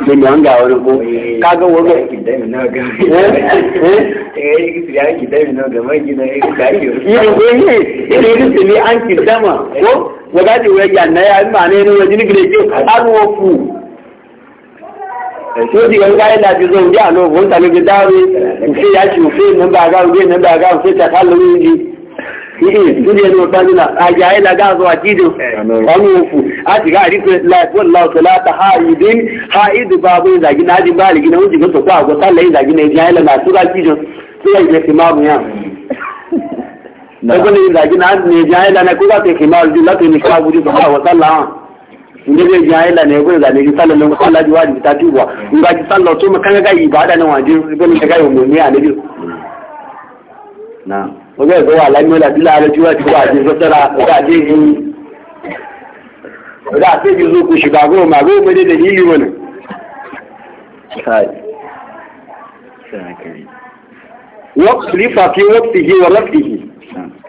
[SPEAKER 1] da mai hanga wani ko kaga wani ya ki dami na ga eh eh ki ya ki dami na ga mai gina eh ka yi eh eh ni ni an ki dama ko waga ji waya na dúdé ní ọba nínú àjà ilẹ̀ gáàzọ́ àjíjìn ọmọ òfù láti rí àríkù láìpọ̀ láòtọ̀ láta ha ìdí ha ìdí bá agbó ìzàgí náà di bá àrígí náà ó jìgbó tọ̀pọ̀ àgbọ̀tá lẹ́yìn ìzàgí náà ìdí àìlẹ̀ náà túbá jíjìn tí wọ́n ìgbésí máa mú yàn. ẹgbẹ́ ìzàgí náà ní ìdí àìlẹ̀ náà kó láti fi máa rújú láti ní ká gbójú tọ̀pọ̀ àgbọ̀tá láwọn. ìdílé ìdí àìlẹ̀ náà ẹgbẹ́ ìzàgí sálọ lọ́wọ́ sálọ ju wájú ọjọ́ ìgbọ́ wà láyé ọ̀là bílá rẹ̀ tí wọ́n ti wà àti sọ́tọ́ra ọ̀dà àtẹ́jú ọ̀dà àtẹ́jú ló kù ṣùgbọ́n àgọ́ ọmọ àgọ́ ọmọdé dẹ̀ ní ìlú wọn. wọ́n rí fàfi wọ́n fi yí wọ́n lọ́fi yí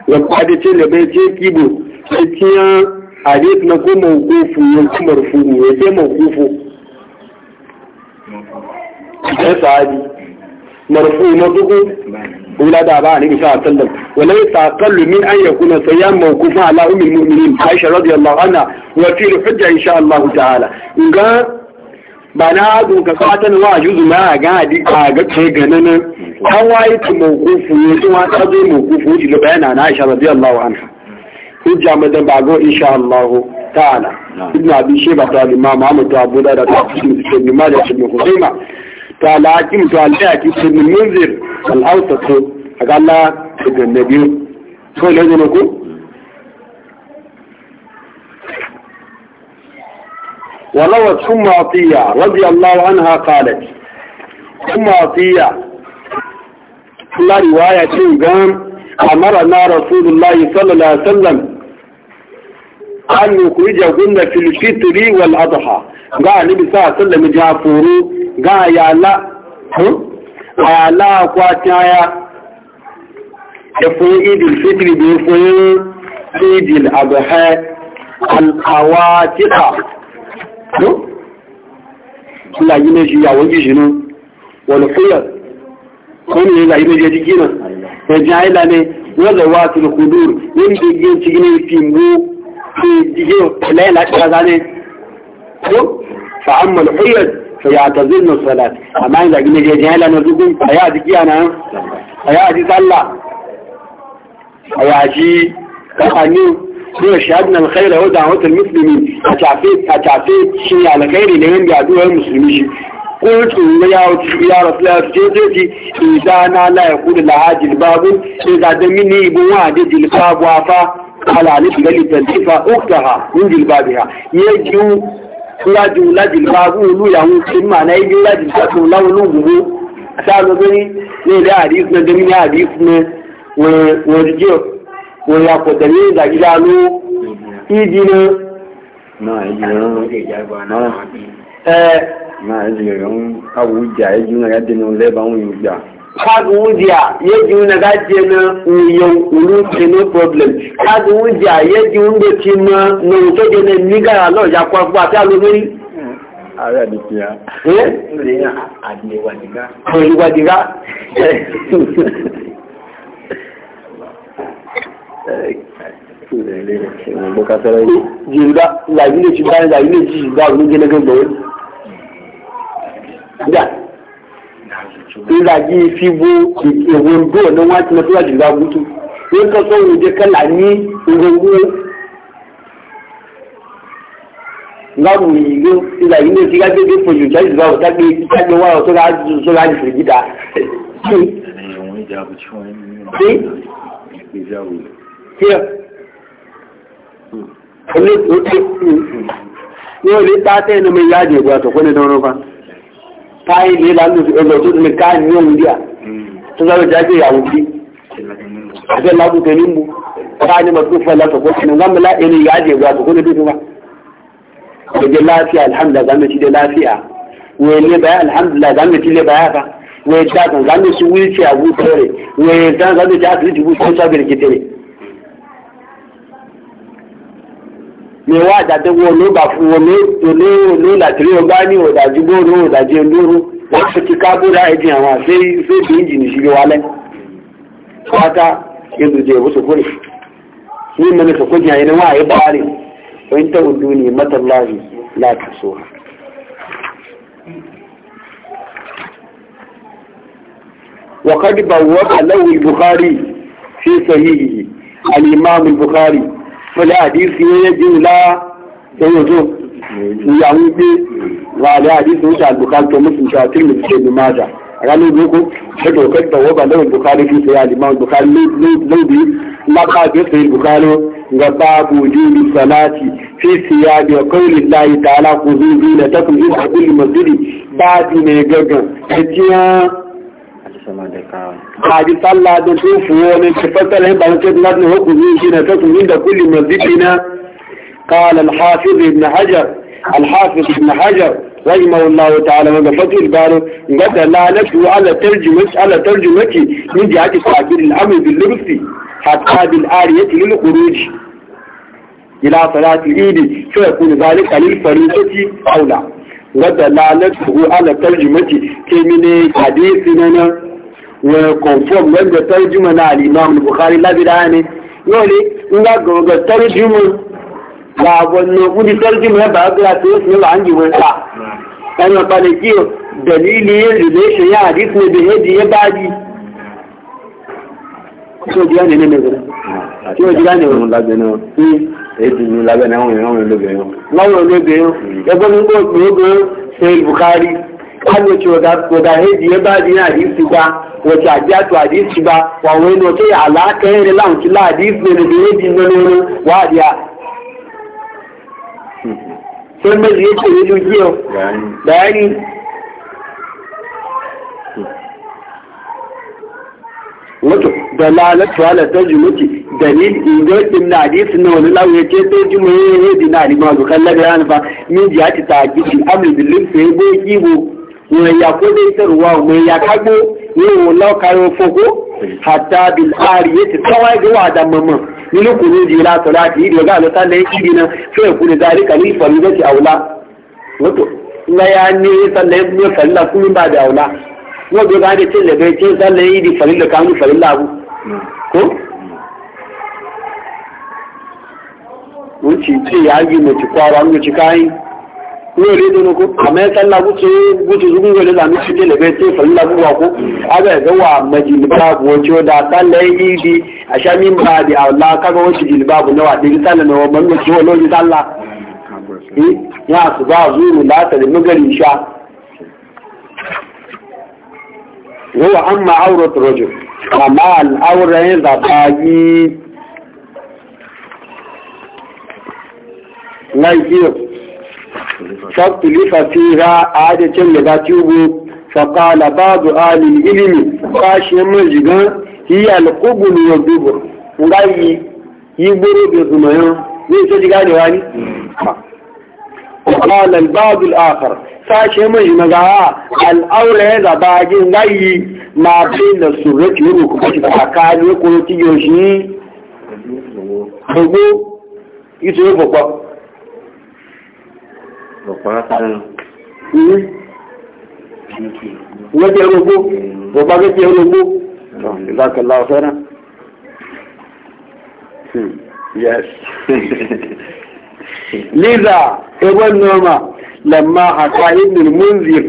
[SPEAKER 1] wọ́n kọ́ adé tí lè bẹ́ẹ̀ tí ó kíbo tí ó adé na kó mọ̀ òkú fún yẹn kó mọ̀ fún yẹn tí mọ̀ òkú fún. ẹ̀ sáájú mọ̀ fún yẹn mọ̀ ولا دا با عليه صلى الله عليه وسلم وليس أقل من أن يكون صيام موقوفا على أم المؤمنين عائشة رضي الله عنها وفي الحجة إن شاء الله تعالى نقا بنا أدو كفاتا واجوز ما قادي قاقت هيقننا حوايت موقوف موقوف وجي لبعين عائشة رضي الله عنها حجة مدن بعقو إن شاء الله تعالى نعم. ابن أبي شيبة الإمام عمد أبو دارة ابن مالك بن خزيمة قال لكن تعلقت ابن المنذر الأوسط قال لا إذا النبي شو هذا نقول وروت ثم عطية رضي الله عنها قالت ثم عطية الله رواية قام أمرنا رسول الله صلى الله عليه وسلم an yukurija gunna fil fitri wal adha ga annabi sa sallam ja furu ga ya la ya la kwa taya da fu idil fitri bi fu idil adha al awatiqa no la yine ji ya wani jinu wal khiyar kone la yine ji jikina ya jahila ne wala watul kudur yin bigin cikin fi يجيو لا لا شغالين فأما الحيض فيعتذرن الصلاة أما إذا قلنا جهلا نرزقهم حياتك أنا حياتي صلى حياتي كأني هو شهدنا الخير هو دعوة المسلمين أتعفيت أتعفيت شيء على خير لهم يعدوها المسلمين قلت يا رسول الله سيدتي إذا أنا لا يقول لها جلباب إذا دمني بوا جلباب وافا على نسبة لتنزيف أختها من جلبابها يجو lájú láti bá wúlú ìyàwó tí mà náà ibi láti sọ́tún láwọn olóògbò sáàrùn tó ní ní ilẹ̀ àdífún ẹgbẹ̀mí ní àdífún wọn jíjọ wọn yàpọ̀tẹ̀ ní ìdàgídá ló ìdí náà náà ìjìnrán àwùjá ẹjú náà yá dínú lẹ́bàá kaga wujiya ya ji wuna gajiya na yau uru ce no problem kaga wujiya ya ji wunda ci na na wuce ke na miga ya lọ ya kwa kwa hmm, a lo meri. Ààrẹ àdìkìyà. Ẹ́ àdìwàdìgá. Àdìwàdìgá. Jìrìdá, làyí lè ti báyìí, làyí lè ti jìrìdá, òun gẹ́gẹ́ gbẹ̀rẹ̀ ìlàjì ìfibú ìwò ìgbó ọ̀nà wọn ti mọ́tò àjù ìgbà gútù ní kọ́sọ́ òun jẹ́ kẹ́là ní ìgbòngbò ngáwù ìlú ìlàjì ní ìfigá gbégbé pòjù jáde ìgbà ọ̀tá gbé jáde wà ọ̀tọ́ láti sọ́ra àjù ìgbìdá. Olé tó tó ní olè tá tẹ́ ẹnu mi yáàdì ìgbà àtọ̀kọ́ ní dánwó bá fáyé ní ìlànà ọjọ́ tó lè ká ní òun díà tó sáré jáde ìyàwó bí ẹgbẹ́ lágùn tẹ ní mú ọba ní mọ̀tún fún ẹlẹ́tọ̀ kó kìnnì wọn mẹ́lá ẹni ìyá àjẹ́ ìwà àtòkó níbi wa ẹgbẹ́ láàfíà alhamdulilah zami ti dé láàfíà wọ́n ilé báyà alhamdulilah zami ti lé báyà fa wọ́n ẹja kan zami ti wíìlì ti àwùjọ rẹ̀ wọ́n ẹja zami ti àtúntì wíìlì ni wá àdàtẹ́ wọn ló bà fún wọn ló làtìrí ọgbà ní ọ̀dàjú gbòòrò ọ̀dàjú olóró wọ́n fi ti kábúrà ẹ̀dín àwọn àfẹ́bí ìjìnì sí wa lẹ́ pátá yẹnudẹ ìwòsòkòrè ní mẹ́ni sòkòjì àyẹ̀ni wọn àyè bá rè wọ́n tẹ́ òdu ní mẹ́tàláàrí láti so. وقد بوأ له البخاري في صحيحه الإمام البخاري wọlé àdísí eré jíńlá tóyótó ìyàwó pé wàlé àdísí ń ṣàgbùká tó mùsùlùmí ṣe àti ìlú ṣe ní máa dà ranar boko da dokar da waba da bukari fi sai aliman bukari lodi laka bi sai bukari ga babu jini salati fi siya bi kauli lahi ta'ala ku قاعد طلع دفوف ومن تفتل هم بانكت نبن هكم يجينا تكم عند كل مسجدنا قال الحافظ ابن حجر الحافظ ابن حجر رحمه الله تعالى من فتح الباري قد لا نفسه على ترجمة على ترجمتي من جهة تعبير الأمر باللبس حتى بالآلية للخروج إلى صلاة العيد فيكون ذلك للفريضة أولى قد لا نفسه على ترجمتي كمن حديثنا wa confirm wanda tarjuma na al-Imam Bukhari labida ne yole in ga ga tarjuma ba wannan kudi tarjuma ya ba ga to ne ba an yi wanda kana bale kiyo dalili yin relation ya hadith ne da hadi ya baji so jiya ne ne ne tí o jira ni òun labẹ náà èyí ni labẹ náà òun òun ló bẹyàn. láwọn olóbìnrin ẹgbẹ́ mi gbọ́ pé ó gbọ́ ṣe Bukhari ká ló ti ọ̀gá ọ̀gá hẹ́ẹ̀dì ẹ bá di náà yìí ti gbá. wace ajiyatu ti ba wa wani wace ya alaka yin rilan kila hadisi na da na nono wa adiya sai mai zai ce yi wato na hadisi na wani lawo yace sai ya yi lagara ba min ji hati ta gidi amri bil limsa ya boki bo ya ko ya yin wallahu kayo foko hatta bil ariyati kawai ga wada mamma ni ku ne jira salati da ga alata da yake dina sai ku da zalika ni faridati aula wato na ya ne sallai ne falla kun ba da aula ko ga ga da cin bai cin sallai di farilla kan farilla wele dono ko amma sallah guce guce zugun wele da mu cike da bai falla buwa ko aga ga wa majilba ko da sallah idi a shamin ba di Allah kaga wace jilba bu nawa din sallah nawa man ya su ba da sha فاختلف فيها عادة لغاتيوه فقال بعض آل العلم قاشي مجدا هي القبل والدبر ngayi yiburu bi zumayo ne ce ji gane wani qala al ba'd al akhar sashe mai maga al aula ya zaba ji ngayi ma bin da surati ne ku ci akani ko ti yoshi ko ko ito ko وباقي يلوبو وباقي يلوبو جزاك الله خيرا يس لذا ابن نوما لما حكى ابن المنذر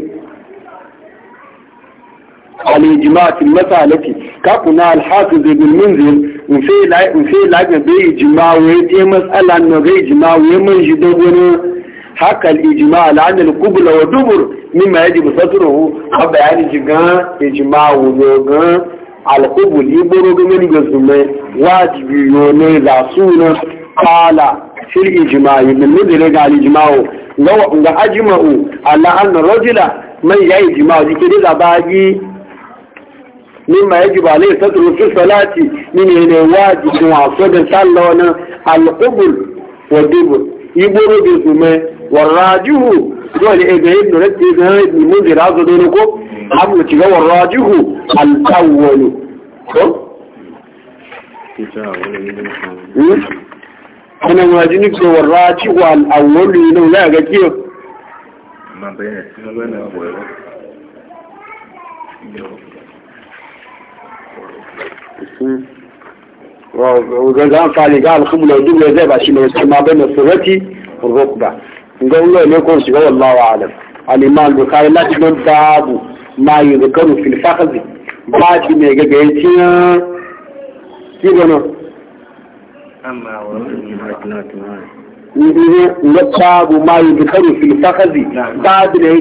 [SPEAKER 1] الإجماع في المسألة كقنا الحافظ ابن المنذر وفي العجم بإجماع ويتي مسألة أنه بإجماع ويمن جدونا haka al'ijima al'adar kubula wa dubur mimma ya jibu saturu a bayani jigan ijima wuyo gan alkubul iboro gumin ga zume wajibi yone za suna kala fil ijima yi bin nudire ga al'ijimawo ga ajima'u ala'an rajula mai ya ijima'u jike da labari mimma ya jibu alayhi saturu fi salati mini ne wajibin wasu da sallawa na alkubul wa dubur iboro ga zume والراجه دول إبراهيم نرتب إبراهيم من منذر هذا دونكم أبو تجا والراجه الأول
[SPEAKER 2] أنا واجنك دو والراجه الأول لأنه
[SPEAKER 1] لا أجيب ما بين وقال قال الخمل والجملة زي باشي ما بين الصورة والركبة قولوا لكم سوى الله أعلم الإمام البخاري لا تكون باب ما يذكر في الفخذ بعد ما يجيتنا كيف أنا أما باب ما يذكر في الفخذ بعد ما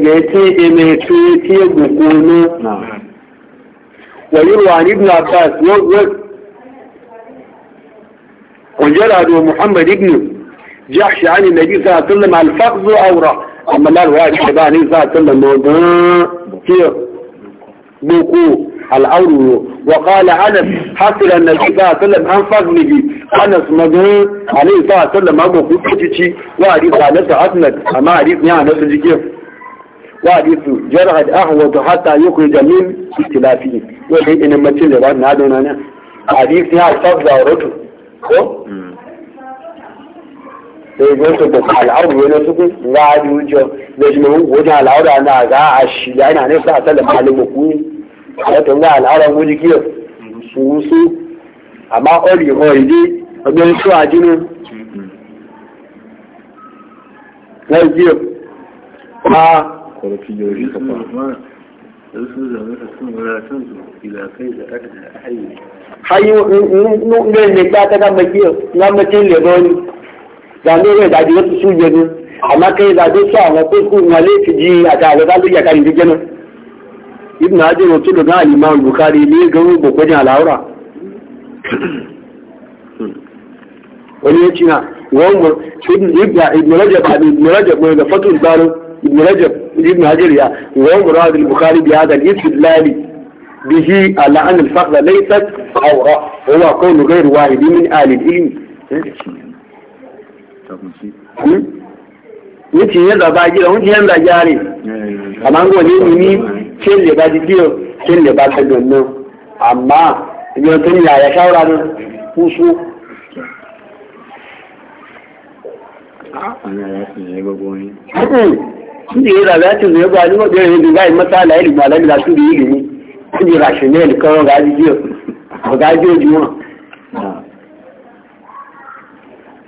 [SPEAKER 1] يجيتنا نعم ويروى عن ابن عباس وجلد محمد ابنه جحش عن النبي صلى الله عليه وسلم الفقد أورا أما لا الواحد شبان النبي صلى الله عليه وسلم كيف بوكو الأور وقال أنس حصل النبي صلى الله عليه وسلم أنفق نبي أنس مدن عليه صلى الله عليه وسلم أبو كتشي وحديث أنس أسند أما حديث نعم أنس كيف وحديث جرعد أهوض حتى يخرج من اختلافه وحيد إنما تشيل وأن هذا حديث يعني نعم، الفضل أورته sai ko ta al'auru wani suku za a yi wuce da shi mun goje al'aura na ga a shi da yana malin a tun ga al'aura su amma ori ori su a jini na jiyo ma kwarfi zane wai zaji wasu su gani amma kai zaje su a wasu su na laifi ji a tare da zuwa kan jirgin nan ibn hajar wato da na aliman bukari ne ga rubo gwajin al'aura wani ya cina wani ibn rajab ibn rajab mai da fatul baro ibn rajab ibn hajar ya wani murad al-bukhari bi hadha al-istidlali به على أن الفقر ليست عورة هو قول غير واحد من آل العلم wucin yadda ba gida wucin yadda jari amma an gwaje ni cin da ba jikiyo cin da ba ta gannan amma yankin ya ya shawara nan kusu Ndị yi rabe ati zai ba ni wajen yi duga yi matsala yi ba lalila su da yi gini. Ndị rashinel kawai ga ajiyo, ga ajiyo jiwon.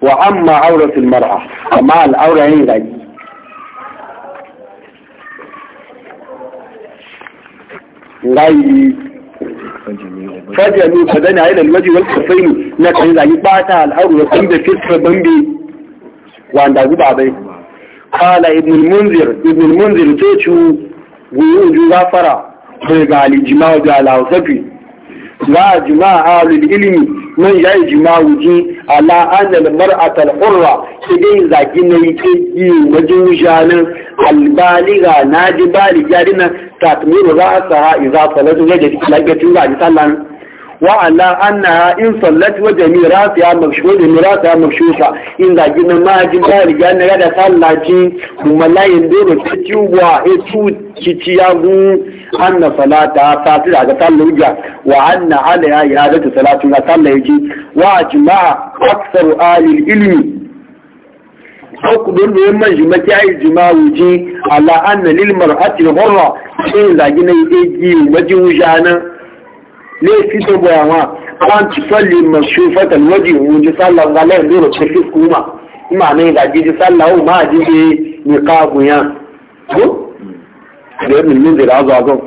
[SPEAKER 1] وأما عورة المرأة أما العورة هي العجل غير فجأة من فدان عائلة الوجه والكفين لك هي عجيب بعتها الأول وقمد كسر بمبي وعند عجيب عبي قال ابن المنذر ابن المنذر تيتشو ويوج غافرة ويقال الجماع على وصفي لا جماع أهل العلم man ya yi jima'uji ala annal mar'atal hurra idan zaki na yi ke yi wajen shanin albaliga na ji baliga dina tatmiru ra'asa ha iza salatu ya ji lafiyar ba a ji sallan وعلى أنها إن صلت وجميراتها مكشوفة جميراتها مكشوفة إن ذا جنا ما جنا رجعنا قد صلى جين ثم لا يندور تتيوا إتو تتيابو أن صلاة فاتل على صلى وجا وأن عليها إعادة صلاة لا صلى يجي وأجمع أكثر آل العلم حكم المجمع الجماع وجي على أن للمرأة الغرة إن لا جنا يجي ومجي وجانا laifin ta goya ma an ci salli masu fatan waje wuji sallan galar dole ce fi kuma ima ne da jiji sallahu ma jiji ne kaguya ko da ibn munzir azazon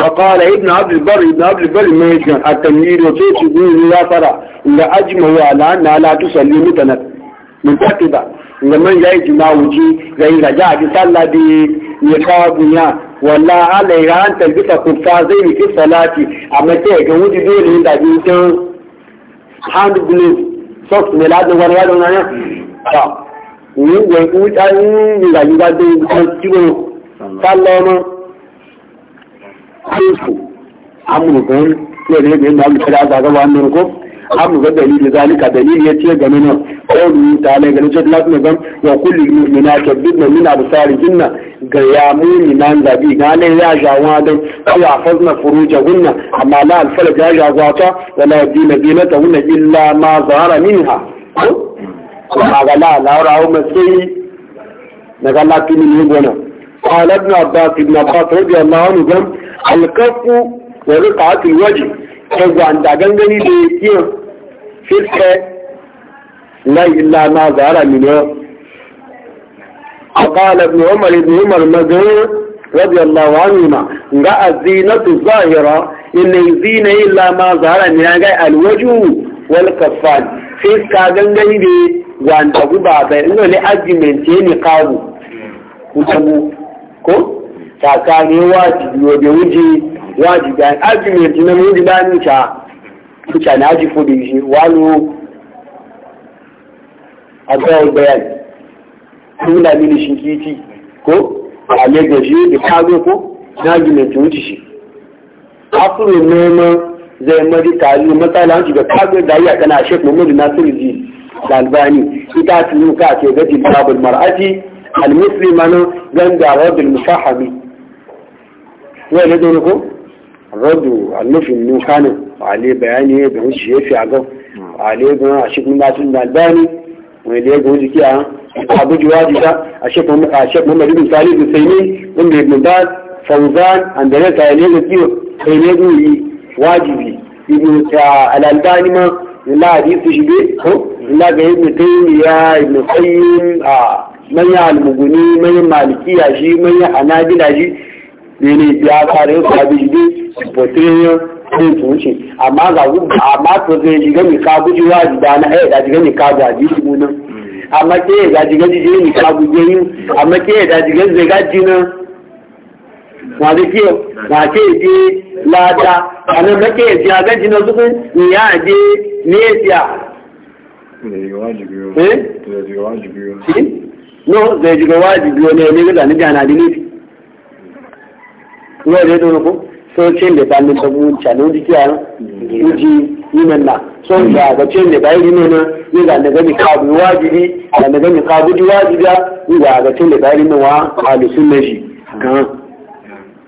[SPEAKER 1] فقال ابن عبد البر ابن عبد البر ما يجن التنوير وصوت يقول لا ترى لا اجمعوا على ان لا تصلي متنا من كتبه لمن جاي جماعه وجي جاي رجع بصلى بيقابنا wala alaiha an talbita kufta zai yi fi salati amma sai ga wuji dole da bi dan hand glove socks ne la da wani yadon nan ta ni wai ku ta ni da yi ba dai ko kiwo sallama ku amuru ko ne ne da mu da ga wannan ko an ga dalili zalika dalili ya ce game nan kawai ta ala ga cikin lafi na gan wa kulli mu'mina ta bidna min absari jinna ga ya mu'mina zabi ga ne ya jawa dan awa fazna furujahunna amma la alfala ja jawa ta wala yadina zinatahunna illa ma zahara minha kuma ga la laurawo masai daga lafi ne gona قال ابن عباس ابن عباس رضي الله عنه الكف ورقعة الوجه gwanda gangani da ya kiyo fiske la illa ma zara mino قال ابن عمر ابن عمر مزعور رضي الله عنهما جاء الزينة الظاهرة إن الزينة إلا ما ظهر من الوجه والكفان فيس كاغن غيري وان تبو بابا إنه لأجمنت نقابه وتبو كو تاكاني واجب وبوجي wajibi argument na mu riba ni cha cha na ji fo de shi walu adawul bayan kuna mini shi kiti ko a le ga shi da kago ko na argument wuce shi afro noma zai mari tali matsala shi ga kago da ya kana shek muhammadu nasiruddin albani ita tunu ka ce gajin babul mar'ati al-muslimanu ganga wa bil musahhabi wai ne dole ko ردوا النفي من كان عليه بيانه بهوش يفي عقب عليه بنا عشق من ناس الباني وليه بهوز كيا أبو جواد إذا عشق مم عشق مم ربي سالي السيني أم ابن باد فوزان عندنا سالي الدين سيني هو واجبي ابن تا على الباني ما لا دي تجبي هو لا جاي ابن تيم يا ابن قيم آه من يعلم غني من يعلم مالكي أجي من يعلم أنا جي bene ya kare ka bi ji potriyo ko tuci amma ga amma to zai ji gani ka guji wajiba na eh da ji gani ka ga ji mu nan amma ke da ji gani ji ni ka guje ni amma ke da ji gani zai gaji nan wa da ke wa ke ji lada ana make ji ga gaji na zuku ni ya je ne siya ne wajibi eh ne wajibi no zai ji wọ́n lè dọ́nà kó tó tí lè bá lè sọ́gbó challenge kí àrùn ìjì yínan na so da ga ce ne bayan yino na ni ga daga mi ka bu wajibi ga daga mi ka bu di wajibi ni ga ga ce da bayan yino wa ahli sunna shi kan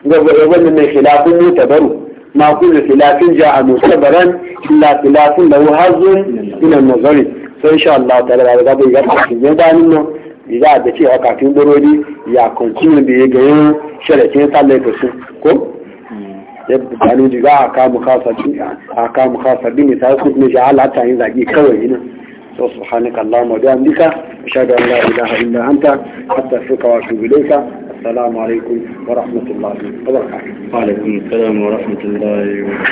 [SPEAKER 1] ga ga ne khilafun mutabaru ma kullu khilafin ja'a musabaran illa khilafun lahu hazun min an-nazari so insha Allah ta'ala ga ga ga ga ga ga za da cewa kafin burodi ya kwanciyar da ya gayo sharakin sallar da su ko ya bukani ji za a kamu kasa bin ta su ne shi halata yin zagi kawai yi nan so su hannu kallon madu an dika shaɗa Allah ila harin da hanta hatta su kawo su bilaika assalamu alaikum wa rahmatullahi wa barakatuh